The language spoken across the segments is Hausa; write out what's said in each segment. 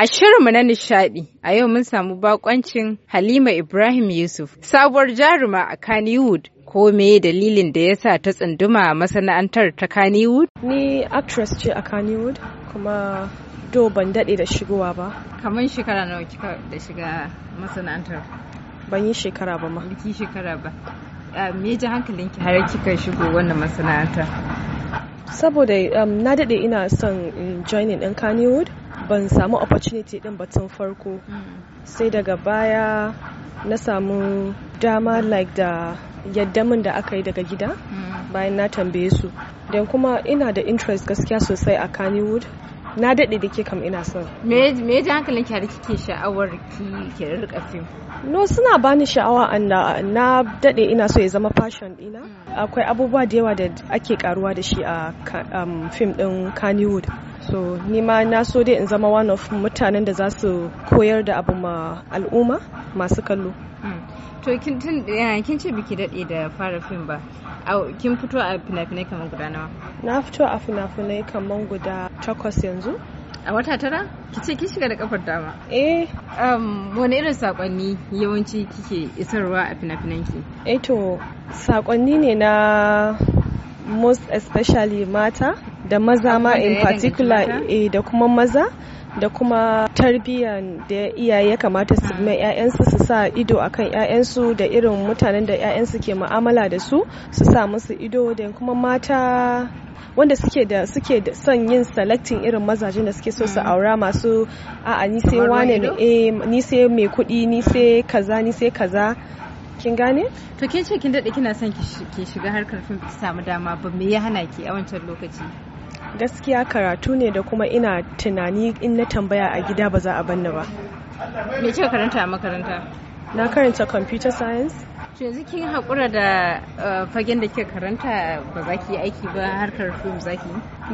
A shirinmu na nishadi a yau mun samu bakoncin Halima Ibrahim Yusuf, sabuwar jaruma a Kannywood. Ko me dalilin da ya sa ta tsunduma masana'antar ta Kannywood? Ni actress ce a Kannywood kuma do ban daɗe da shigowa ba. Kamar shekara nawa kika da shiga masana'antar? Ban yi shekara ba ma. Biki shekara ba. Ah, me ji hankalinki har kika shigo wannan masana'antar? saboda um, na daɗe ina son um, joining ɗin Kannywood ban samu opportunity ɗin batun farko sai daga baya na samu dama like da yadda min da aka yi daga gida mm. bayan na tambaye su don kuma ina da interest gaskiya sosai a Kannywood na daɗe da ke kam ina son me ya ji hankalin ki har kike sha'awar ki ke rika fim no suna bani sha'awa anda uh, na daɗe ina so ya zama fashion ɗina mm. akwai abubuwa da yawa da ake karuwa da shi a um, fim ɗin Kannywood so nima na so dai in zama one of mutanen da za su koyar da abu ma al'umma masu kallo mm. to kin eh, kin ce biki dade da fara fim ba kin fito a fina-finai kamar guda nawa na fito a fina-finai kamar guda takwas yanzu a wata tara ki ce kin shiga da kafar dama eh um, wani irin sakonni yawanci kike isarwa a fina ki? eh to sakonni ne na most especially mata da maza ma in particular eh, da kuma maza da kuma tarbiyyar da iyaye kamata su mai 'ya'yansu su sa ido akan 'ya'yansu da irin mutanen da 'ya'yansu ke mu'amala da su su sa musu ido da kuma mata wanda suke da suke da son yin selecting irin mazajen da suke so su mm. aura masu a ni sai wane eh ni sai mai kuɗi ni sai kaza ni sai kaza kin gane to kin ce kin dade kina son ki shiga harkar fim ki samu dama ba me ya hana ki a wancan lokaci gaskiya karatu ne da kuma ina tunani in na tambaya a gida ba za a ni ba me kika karanta a makaranta na karanta computer science to yanzu kin haƙura da eh, fagen da ke karanta ba za ki yi aiki ba harkar film za ki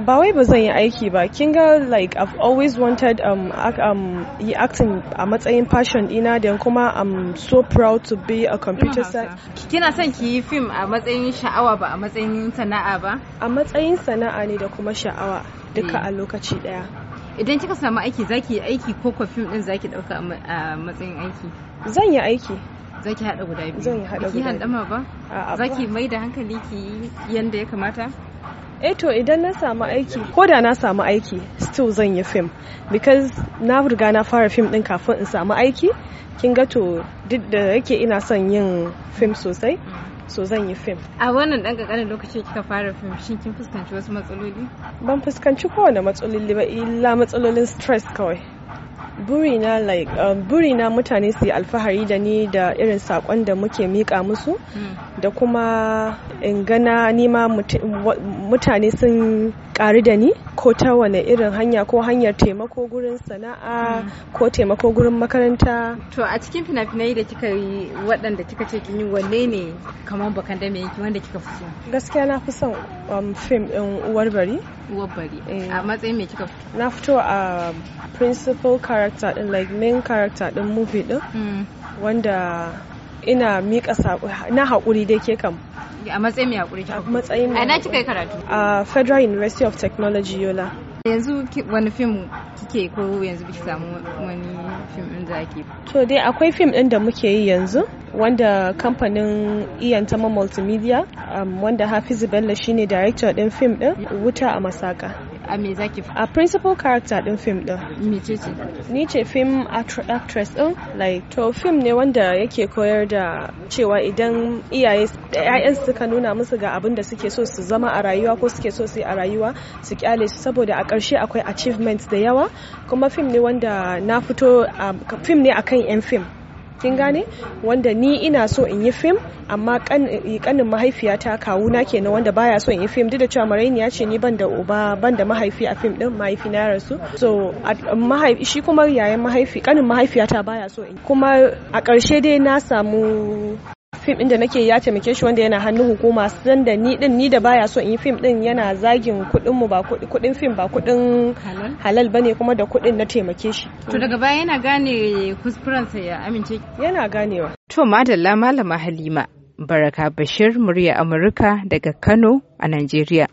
ba wai ba zan yi aiki ba kin ga like i've always wanted um, um yi acting a matsayin passion ina dan kuma i'm so proud to be a computer science kina son ki yi film a matsayin sha'awa ba a matsayin sana'a ba a matsayin sana'a ne da kuma sha'awa duka eh. a lokaci daya idan kika samu aiki zaki yi aiki ko ko fim din zaki dauka a matsayin aiki zan yi aiki zaki hada guda biyu zan yi hada guda biyu dama ba zaki mai da hankali ki yanda ya kamata eh to idan na samu aiki ko da na samu aiki still zan yi fim because na riga na fara fim din kafin in samu aiki kin ga to duk da yake ina son yin fim sosai so zan yi fim a wannan ɗan kankanin lokaci kika fara fim shin kin fuskanci wasu matsaloli ban fuskanci kowane matsaloli ba illa matsalolin stress kawai burina like um, burina mutane su yi alfahari da ni da irin sakon da muke mika musu hmm. da kuma in gana nima mutane sun ƙari da ni ko ta wane irin hanya ko hanyar taimako gurin sana'a hmm. ko taimako gurin makaranta to a cikin fina-finai da kika yi waɗanda kika ce kin yi wanne ne kamar bakan da mai wanda kika fi so gaskiya na fi son um, fim ɗin uwar bari uwar bari eh. a matsayin me kika fi na fito a um, principal character character din like main character din movie din mm. wanda ina mika saƙo na haƙuri dai ke kam a matsayin mai haƙuri a matsayin mai na kika karatu a Federal University of Technology Yola yanzu wani fim kike ko yanzu biki samu wani fim din da ake to dai akwai fim din da muke yi yanzu wanda kamfanin iyan tama multimedia um, wanda hafizu bello shine director din fim din wuta a masaka a ah, me zaki a principal character din film din ni ce film actress din like to film ne wanda yake koyar da cewa idan iyaye ƴaƴan suka nuna musu ga abin da suke so su zama a rayuwa ko suke so su yi a rayuwa su kyale su saboda a ƙarshe akwai achievements da yawa kuma film ne wanda na fito um, film ne akan yan film kin gane wanda ni ina so in yi fim amma kanin mahaifiyata kawuna kenan wanda baya so in yi fim duk da cewa marayin ya ce ni ban da uba ban da mahaifi a fim din mahaifi na su so mahaifi shi kuma yayin mahaifi kanin mahaifiyata baya so in kuma a karshe dai na samu fim din da nake ya taimake shi wanda yana hannun hukuma san da ni din ni da baya so in yi fim din yana zagin kudin mu ba kudin fim ba kudin halal bane kuma da kudin na taimake shi to daga baya yana gane kuskurensa ya amince yana ganewa to madalla malama halima baraka bashir murya amurka daga kano a najeriya